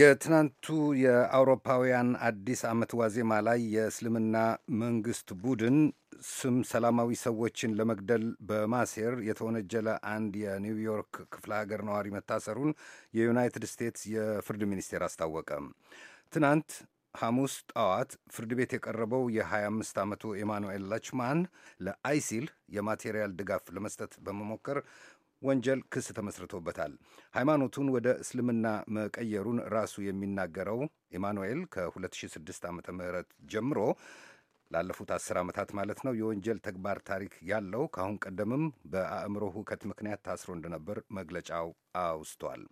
የትናንቱ የአውሮፓውያን አዲስ ዓመት ዋዜማ ላይ የእስልምና መንግስት ቡድን ስም ሰላማዊ ሰዎችን ለመግደል በማሴር የተወነጀለ አንድ የኒውዮርክ ክፍለ ሀገር ነዋሪ መታሰሩን የዩናይትድ ስቴትስ የፍርድ ሚኒስቴር አስታወቀ። ትናንት ሐሙስ ጠዋት ፍርድ ቤት የቀረበው የ25 ዓመቱ ኤማኑኤል ለችማን ለአይሲል የማቴሪያል ድጋፍ ለመስጠት በመሞከር ወንጀል ክስ ተመስርቶበታል። ሃይማኖቱን ወደ እስልምና መቀየሩን ራሱ የሚናገረው ኢማኑኤል ከ2006 ዓ ም ጀምሮ ላለፉት አስር ዓመታት ማለት ነው የወንጀል ተግባር ታሪክ ያለው ከአሁን ቀደምም በአእምሮ ሁከት ምክንያት ታስሮ እንደነበር መግለጫው አውስቷል።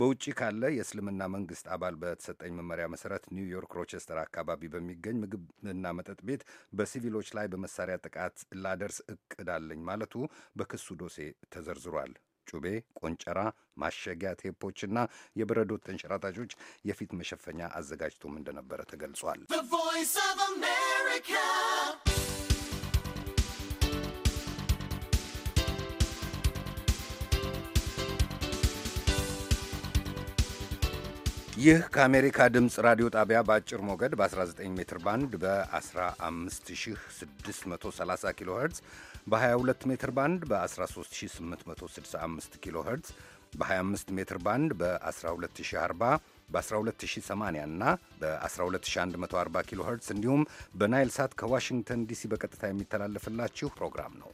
በውጭ ካለ የእስልምና መንግስት አባል በተሰጠኝ መመሪያ መሰረት ኒውዮርክ ሮቸስተር አካባቢ በሚገኝ ምግብና መጠጥ ቤት በሲቪሎች ላይ በመሳሪያ ጥቃት ላደርስ እቅዳለኝ ማለቱ በክሱ ዶሴ ተዘርዝሯል። ጩቤ፣ ቆንጨራ፣ ማሸጊያ ቴፖችና የበረዶ ተንሸራታቾች የፊት መሸፈኛ አዘጋጅቶም እንደነበረ ተገልጿል። ይህ ከአሜሪካ ድምፅ ራዲዮ ጣቢያ በአጭር ሞገድ በ19 ሜትር ባንድ በ15630 ኪሎ ኸርትዝ በ22 ሜትር ባንድ በ13865 ኪሎ ኸርትዝ በ25 ሜትር ባንድ በ12040 በ12080 እና በ12140 ኪሎ ኸርትዝ እንዲሁም በናይል ሳት ከዋሽንግተን ዲሲ በቀጥታ የሚተላለፍላችሁ ፕሮግራም ነው።